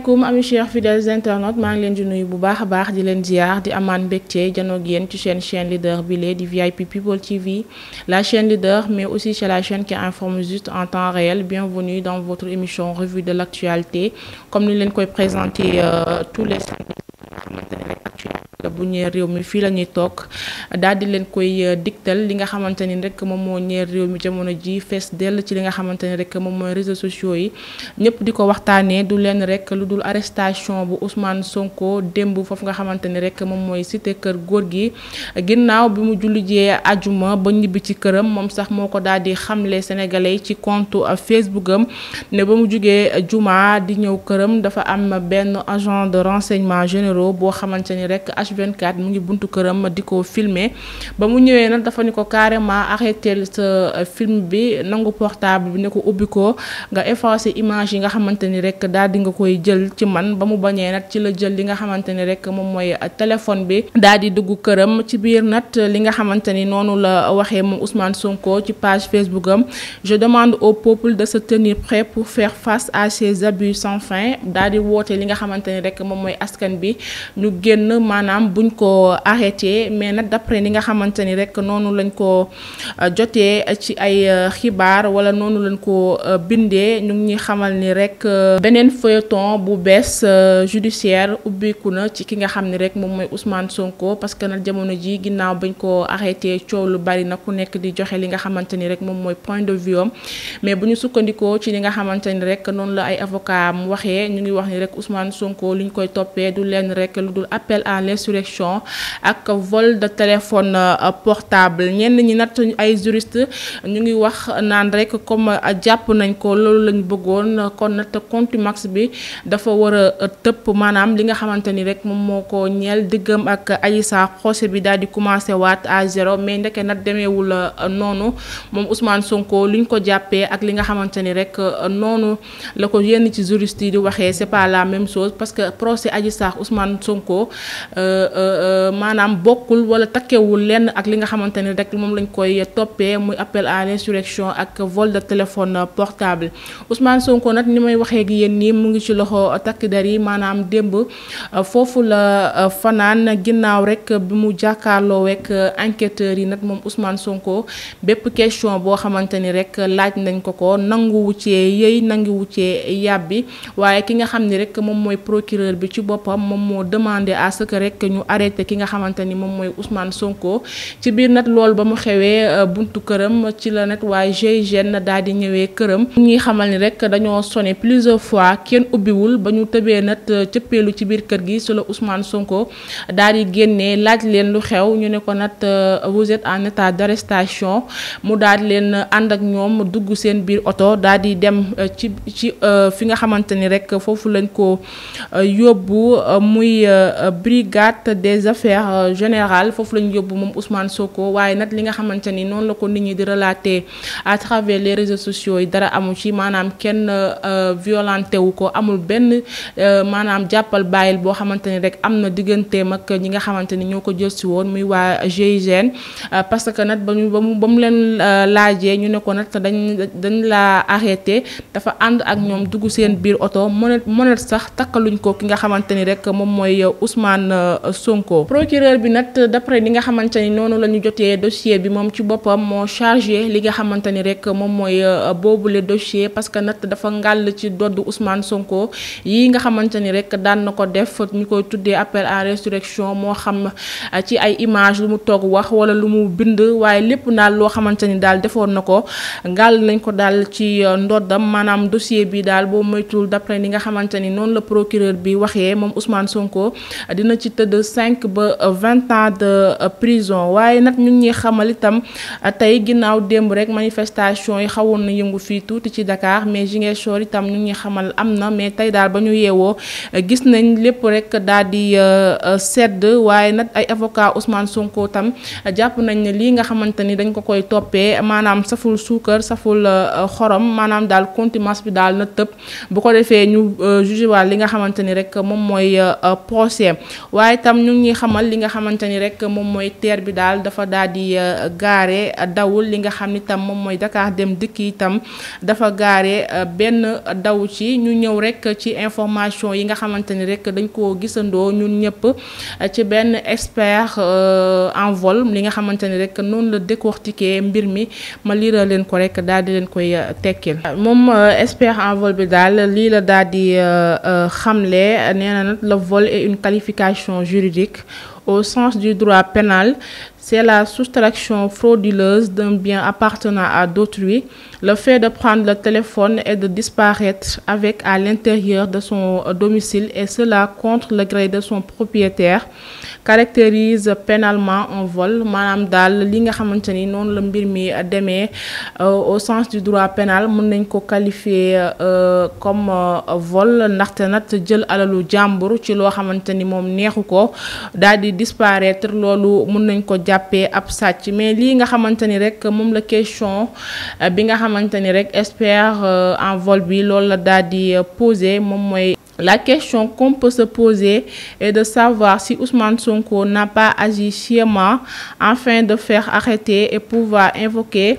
tous ami chers fidèles internautes je ngi leen di nuyu bu baax a baax di leen ziar di amane mbégte ci chaîne leader bi lee di VIP People TV la chaîne leader mais aussi c'est la chaîne qui informe juste en temps réel bienvenue dans votre émission revue de l'actualité comme nous leen koy présenté euh, tous les bu ñeer réew mi fii la ñuy toog daal di leen koy euh, digtal li nga xamante ni rek moom moo ñeer réew mi jamono ji fees dell ci li nga xamante ni rek moom mooy réseaux sociaux yi ñëpp di ko waxtaanee du leen rek lu dul arrestation bu Ousmane Sonko démb foofu nga xamante ni rek moom mooy site kër góor gi ginnaaw bi mu julli jee ajuma ba ñibbi ci këram moom sax moo ko daal di xamle sénégalais ci compte euh, Facebook am ne ba mu jugee juma di ñëw këram dafa am benn agent de renseignement généraux boo H24 mu ngi buntu këram di ko filmer ba mu ñëwee nag dafa ñu ko carrément arrêté sa euh, film bi nangu portable bi ne ko ubbi ko nga effacé image yi nga xamante ni rek daal di nga koy jël ci man ba mu bañee nag ci la jël li nga xamante ni rek moom mooy euh, téléphone bi daal di dugg këram ci biir nag li nga xamante ni noonu la waxee moom Ousmane Sonko ci page Facebook am je demande au peuple de sa tenir prêt pour faire face à ces abus sans fin daal di woote li nga xamante rek moom mooy askan bi ñu génn maanaam am buñ ko arrêté mais nag d'après ni nga xamante ni rek noonu lañ ko euh, jotee ci ay euh, xibaar wala noonu lañ ko euh, bindee ñu ngi xamal ni rek beneen feuilleton bu bees judiciaire ubbiku na ci ki nga xam ni rek moom mooy Ousmane Sonko parce que nag jamono ji ginnaaw bañ ko arrêté coow bari na ku nekk di joxe li nga xamante ni rek moom mooy point de vue am mais bu sukkandikoo ci li nga xamante ni rek noonu la ay avocat mu waxee ñu ngi wax ni rek Ousmane Sonko li koy toppee du leen rek lu dul appel à l'insurrection insurrection ak vol de téléphone euh, portable ñenn ñi nat ay juriste ñu ngi wax naan rek comme euh, jàpp nañ ko loolu lañ bëggoon kon nat contumax bi dafa war a euh, tëpp maanaam li nga xamante ni rek moom moo ko ñeel diggam ak Adji Sarr procès bi daal di commencé waat à zéro mais ndeke nag demeewul noonu moom Ousmane Sonko liñ ko jàppee ak li nga xamante ni rek noonu la ko yenn ci juriste yi di waxee c'est même chose parce que procès Adji Sonko. Euh, euh, maanaam bokkul wala takkewul lenn ak li nga xamante ni rek moom lañ koy toppee muy appel à l'insurrection ak vol de téléphone portable Ousmane Sonko nag ni may waxee ak yéen nii mu ngi ci loxo takk der yi maanaam démb euh, foofu la fanaan ginnaaw rek bi mu jàkkaarloo ak enquêteurs yi nag moom Ousmane Sonko bépp question boo xamante ni rek laaj nañ ko ko nangu ki nga xam ni rek moom mooy procureur bi ci boppam moom moo demandé à ce que rek ñu arrêté ki nga xamante ni moom mooy Ousmane Sonko ci biir nag loolu ba mu xewee euh, buntu këram ci la nag waaye GIGN daal di ñëwee këram ñuy xamal ni rek dañoo sonné plusieurs fois kenn ubbiwul ba ñu tëbee nag euh, cëppeelu ci biir kër gi su la Ousmane Sonko daal di génne laaj leen lu xew ñu ne ko nag euh, vous êtes en état d'arrestation mu daal di leen ànd ak ñoom dugg seen biir oto daal di dem ci ci fi nga xamante ni rek foofu lañ ko yóbbu muy brigade acte des affaires euh, générales foofu la ñu yóbbu moom Ousmane Sonko waaye nag li nga xamante ni noonu la ko nit ñi di relater à travers les réseaux sociaux yi dara amu ci maanaam kenn euh, violenté wu ko amul benn euh, maanaam jàppal bàyyil boo xamante ni rek am na digganteem ak ñi nga xamante ni ñoo ko jël si woon muy waa GIGN parce que nag ba mu ba mu ba mu leen laajee ñu ne ko nag dañ dañ laa arrêté dafa ànd ak ñoom dugg seen biir oto mënet mënet sax takkaluñ Sonko procureur bi nag d'après li nga xamante ni noonu la ñu jotee dossier bi moom ci boppam moo chargé li nga xamante ni rek moom mooy euh, boobule dossier parce que nag dafa ngàll ci dodd Ousmane Sonko yi nga xamante ni rek daan na ko def ñu koy tuddee appel à résurrection moo xam euh, ci ay image lu mu toog wax wala lu mu bind waaye lépp daal loo xamante ni daal defoon na ko ngàll nañ ko daal ci euh, ndoddam maanaam dossier bi daal boo moytuwul d'après li nga xamante ni noonu la procureur bi waxee moom usmaan Sonko dina ci tëdd de cinq ba euh, vingt ans de euh, prison waaye nag ñu ngi ñuy xamal itam euh, tey ginnaaw démb rek manifestation yi xawoon na yëngu fii tuuti ci Dakar mais Ziguinchor itam ñu ñuy xamal am na mais tey daal ba ñu yeewoo gis nañ lépp rek daal di sedd waaye nag ay avocat Ousmane Sonko tam jàpp nañ ne lii nga xamante ni dañ ko koy toppee maanaam saful suukar saful xorom maanaam daal contumace bi daal na tëb bu ko defee ñu jugé waal li nga xamante ni rek moom mooy procès waaye tam ñu ngi xamal li nga xamante ni rek moom mooy teer bi daal dafa daal di euh, gaare dawul li nga xam ni tam moom mooy dakaar dem dikk itam dafa gaare euh, benn daw ci ñu ñëw rek ci information yi nga xamante ni rek dañ koo gisandoo ñun ñëpp euh, ci benn expert en vol li nga xamante ni rek noonu la décortiquer mbir mi ma liira leen ko rek daal di leen koy tekkil moom expert en bi daal lii la daal di xamle nee na nag le vol est une qualification juridique au sens du droit pénal, c'est la soustraction frauduleuse d'un bien appartenant à d'autrui, le fait de prendre le téléphone et de disparaître avec à l'intérieur de son domicile et cela contre le gré de son propriétaire caractérise pénalement un vol Madame Dal li ni euh, au sens du droit pénal mën qualifié euh, comme euh, vol jël alalu ci disparaître loolu mën nañ ko jappé ab satch mais li nga xamante rek mom la question euh, bi nga xamante rek espère euh, en vol bi la dadi di euh, posé moy La question qu'on peut se poser est de savoir si Ousmane Sonko n'a pas agi sciemment afin de faire arrêter et pouvoir invoquer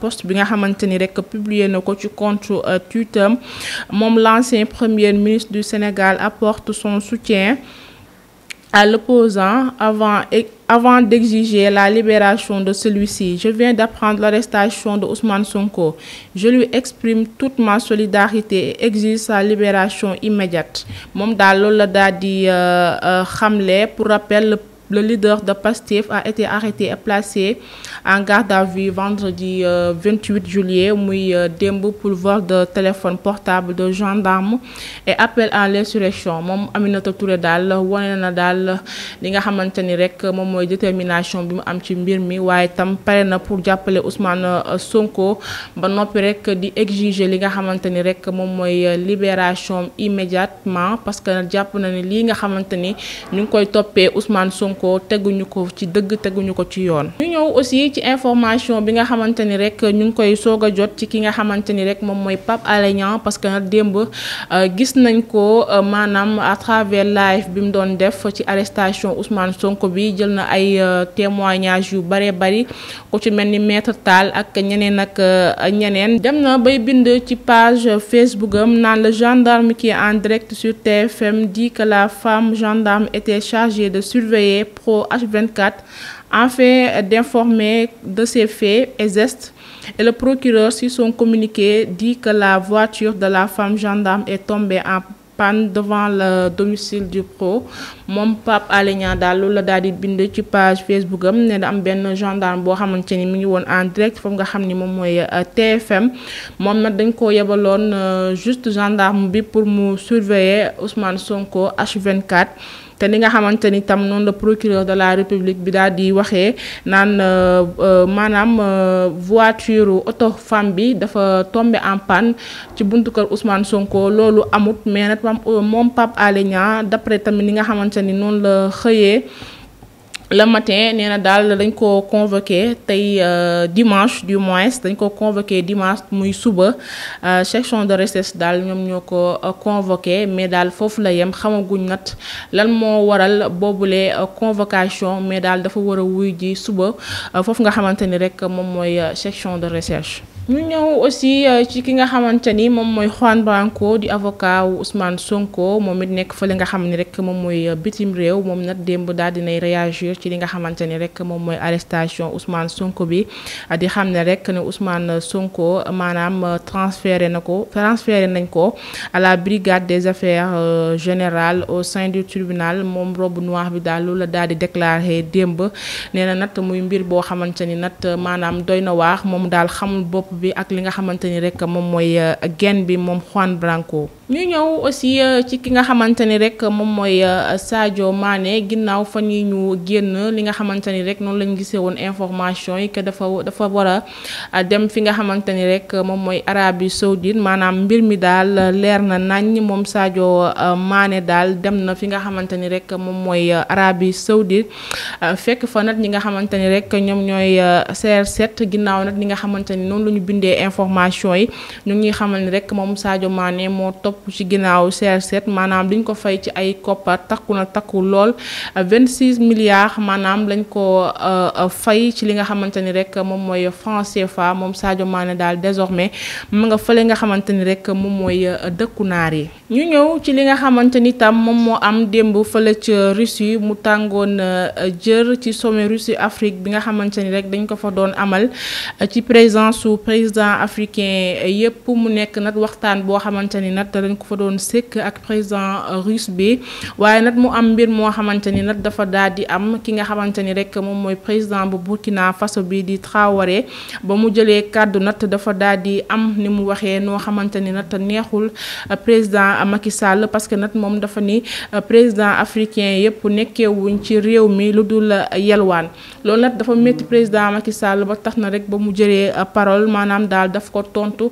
post bi nga xamanteni rek publier nako ci compte euh, Twitter l'ancien premier ministre du Sénégal apporte son soutien à l'opposant avant e, avant d'exiger la libération de celui-ci. Je viens d'apprendre l'arrestation de Ousmane Sonko. Je lui exprime toute ma solidarité et exige sa libération immédiate. Mom dal la euh, euh, pour rappel le leader de Pastif a été arrêté et placé en garde à vue vendredi 28 euh, juillet, muy euh, démb pour vol de téléphone portable de gendarme et appel à l'insurrection moom Aminata Touré dal, wane dal, daal li nga xamanteni rek mom moy détermination bi mu am ci mbir mi tam na pour jàppale Ousmane euh, Sonko ba nopi rek di exiger li nga xamanteni rek mom moy libération immédiatement parce que japp na ni li nga xamanteni ni ñu koy Ousmane Sonko teguñu ko ci dëgg teguñu ko ci yoon. ñu ñëw aussi ci information bi nga xamante ni rek ñu ngi koy soog jot ci ki nga xamante ni rek moom mooy Pape Alé Niang parce que démb euh, gis nañ ko euh, maanam à travers live bi mu doon def ci arrestation Ousmane Sonko bi jël na ay euh, témoignages yu bare bari ku ci mel ni maître Tall ak ñeneen ak ñeneen dem na bay bind ci page Facebook am naan le gendarme qui en direct sur TFM dit que gendarme était chargée de surveiller. Pro H24 afin d'informer de ces faits et Et le procureur, sur son communiqué, dit que la voiture de la femme gendarme est tombée en panne devant le domicile du pro Mon Pape a Niang dans loolu page Facebook am ne da am gendarme qui xamante en direct comme nga xam ni moom euh, TFM Mon nag dañ ko yebaloon euh, juste gendarme bi pour surveiller Ousmane Sonko H24 te li nga xamante ni tam noonu la procureur de la république bi daal di waxee naan euh, euh, maanaam euh, voiture oto femme bi dafa tombé en panne ci buntu kër Ousmane Sonko loolu amut mais nag moom Pape Alé Niang tamit li nga xamante ni noonu la xëyee. le matin nee na daal dañ ko convoqué tey euh, dimanche du moins dañ ko convoqué dimanche muy suba euh, section de recherche daal ñoom ñoo ko euh, convoqué mais daal foofu la yem xamaguñ nat lan moo waral boobule convocation mais daal dafa war a wuy ji suba foofu nga xamante ni rek moom mooy section de recherche ñu ñëw aussi euh, ci ki nga xamante ni moom mooy Juan di avocat wu Ousmane Sonko moom it nekk fële nga xam ni rek moom mooy euh, bitim réew moom nag démb daal dinay réagir ci li nga xamante ni rek moom mooy arrestation Ousmane Sonko bi euh, di xam ne rek ne Ousmane Sonko maanaam transféré na ko transféré nañ ko à la brigade des affaires générales au sein du tribunal moom robe noire bi daal loolu la daal di déclaré démb nee na nag muy mbir boo xamante ni nag maanaam doy na waax moom daal xamul bopp bi ak li nga xamante ni rek moom mooy euh, genn bi moom Juan Branco ñu ñëw aussi euh, ci ki nga xamante ni rek moom mooy euh, Sadio maane ginnaaw fan yi ñu génn li nga xamante ni rek noonu lañu gisee woon information yi dafa dafa war a euh, dem fi nga xamante ni rek moom mooy Arabie Saoudite maanaam mbir mi daal leer na nañ moom Sadio Mané daal dem na fi nga xamante ni rek moom mooy Arabie Saoudite fekk fa nag ñi nga xamante ni rek ñoom ñooy CR7 ginnaaw nag ñi nga xamante ni noonu la ñu bindee information yi ñu ngi xamal rek moom Sadio Mané moo topp topp ci ginnaaw CR7 maanaam liñ ko fay ci ay koppar takku na takku lool milliards maanaam lañ ko euh, euh, fay ci li nga xamante ni rek moom mooy franc CFA moom Sadio Mané daal désormais mu nga fële nga xamante ni rek moom mooy euh, dëkku naar yi. ñu ñëw ci li nga xamante ni tam moom moo am démb fële ca Russie mu tàngoon jër ci sommet Russie Afrique bi nga xamante ni rek dañ ko fa doon amal ci présence su président africain yépp mu nekk nag waxtaan boo xamante ni dañ ko fa doon sekk ak président russe bi waaye nag mu am mbir moo xamante ni nag dafa daal di am ki nga xamante ni rek moom mooy président bu Burkina Faso bi di Traoré ba mu jëlee kàddu nat dafa daal di am ni mu waxee noo xamante ni nag neexul euh, président Macky Sall parce que nag moom dafa ni euh, président africain yëpp nekkeewuñ ci réew mi lu dul euh, yelwaan loolu nag dafa métti président Macky Sall ba tax na rek ba mu jëlee parole maanaam daal daf ko tontu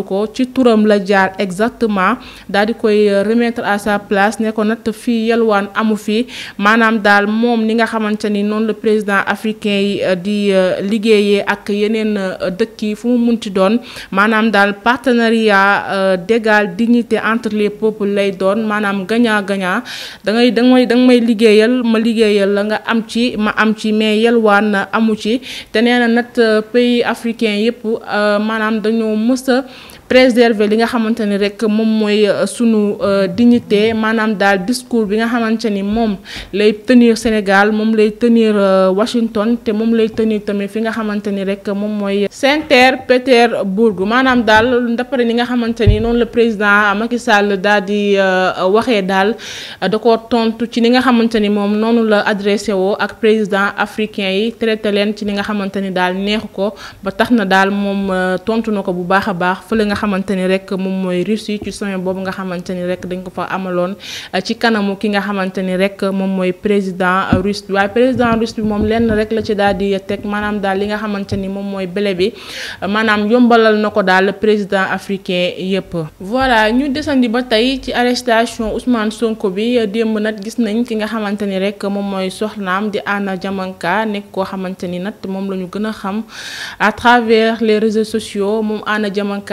rafetlu ko ci turam la jaar exactement daal di koy euh, remetre à sa place ne ko nag fii yelwaan amu fi maanaam daal moom ni nga xamante ni noonu la président africain yi euh, di euh, liggéeyee ak yeneen dëkk yi fu mu ci doon maanaam daal partenariat dégal dignité entre les peuples lay doon maanaam gagnant gaña da ngay da may liggéeyal ma liggéeyal la nga am ci ma am ci mais yelwaan amu ci te nee na pays africain yëpp maanaam dañoo mësa préserver li nga xamante ni rek moom mooy euh, sunu euh, dignité maanaam daal discours bi nga xamante ni moom lay tenir Sénégal moom lay tenir euh, Washington te moom lay tenir tamit fi nga xamante ni rek moom mooy Saint-Pétersbourg maanaam daal d'après ni nga xamante ni noonu la président Macky Sall daal di waxee daal da ko tontu ci li nga xamante ni moom noonu la adressé woo ak président africain yi traité leen ci li nga xamante ni daal neexu ko ba tax na daal moom tontu na ko bu baax a baax xamante ni rek moom mooy Russie ci sommet boobu nga xamante ni rek dañ ko fa amaloon euh, ci kanamu ki nga xamante ni rek moom mooy président russe bi waaye président russe bi moom lenn rek la ci daal di teg maanaam daal li nga xamante ni moom mooy bële bi maanaam yombalal na ko daal président africain yëpp. voilà ñu desandi ba tey ci arrestation usmaan Sonko bi démb nag gis nañ ki nga xamante ni rek moom mooy soxnaam di Anna Diamanka nekk koo xamante ni nag moom la ñu gën a xam à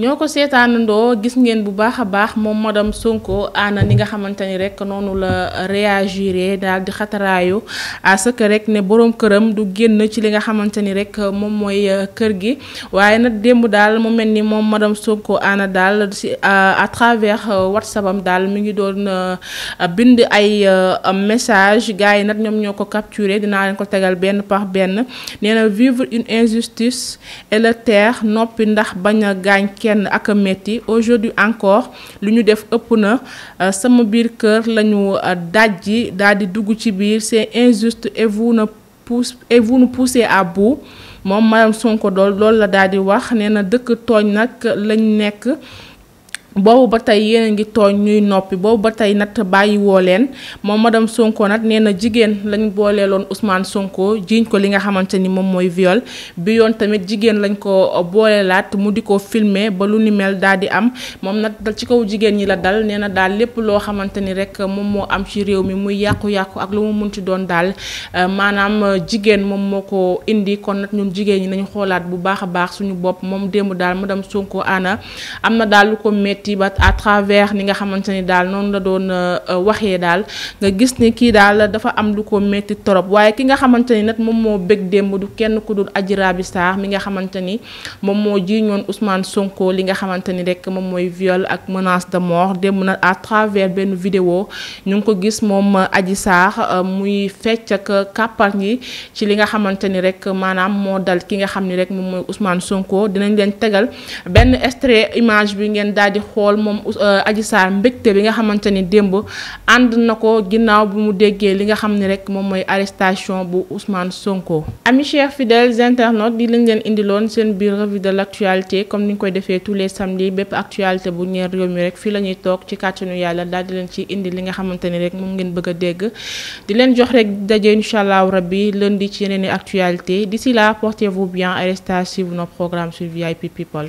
¿no? ko seetaanandoo gis ngeen bu baax a baax moom madame Sonko ana li nga xamante ni rek noonu la réagiré daal di xataraayu à ce que rek ne boroom këram du génn ci li nga xamante ni rek moom mooy euh, kër gi waaye nag démb daal mu mel ni moom modam Sonko ana daal si euh, à travers euh, WhatsApp am daal mu ngi doon bind ay message gars yi nag ñoom ñoo ko capturé dinaa leen ko tegal benn par benn nee vivre une injustice et noppi ndax bañ a gaañ kenn ak metti aujourd'hui encore luñu def ëpp na euh, sama biir kër lañu euh, dajji daal di dugg ci biir c'est injuste et vous ne pousse et vous nous poussez à bout moom madame Sonko dool loolu la daal di wax nee na dëkk tooñ nag lañ nekk boobu ba tey yéen a ngi tooñ ñuy noppi boobu ba tey nag bàyyi woo leen moom madame Sonko nag nee na jigéen lañ booleeloon Ousmane Sonko jiiñ ko li nga xamante ni moom mooy viol bi yoon tamit jigéen lañ ko booleelaat mu di ko filmer ba lu ni daal di am moom nag ci kaw jigéen ñi la dal nee na daal lépp loo xamante ni rek moom moo am ci réew mi muy yàqu-yàqu ak lu mu mun ci doon daal euh, maanaam euh, jigéen moom moo ko indi kon nag ñun jigéen ñi nañu xoolaat bu baax a baax suñu bopp moom démb daal madame Sonko ana am na daal lu ko métti metti ba à travers ni nga xamante ni daal noonu la doon euh, euh, waxee daal nga gis ni kii daal dafa am lu ko metti torop waaye ki nga xamante ni nag moom moo bëgg démb du kenn ku dul Adji Raby Sarr mi nga xamante ni moom moo jiiñoon Ousmane Sonko li nga xamante ni rek moom mooy viol ak menace de mort démb na à travers benn vidéo ñu ngi ko gis moom aji saax euh, muy fecc ak kàppar ci li nga xamante ni rek maanaam moo dal ki nga xam ni rek moom mooy usmaan Sonko dinañ leen tegal benn extrait image bi ngeen daal di xool moom euh, Adji Sarr mbégte bi nga xamante ni démb ànd na ko ginnaaw bi mu déggee li nga xam ni rek moom mooy arrestation bu Ousmane Sonko. ami chers fidèles internautes di lañ leen indi loon seen biir revue de l' actualité comme ni nga koy defee tous les samedis bépp actualité bu ñeer réew mi rek fii la ñuy toog ci kàttanu yàlla daal di leen ci indi li nga xamante ni rek moom ngeen bëgg a dégg di leen jox rek daje incha bi rabbi lundi ci yeneen i actualité di là portez-vous bien et restez à suivre nos programmes sur VIP People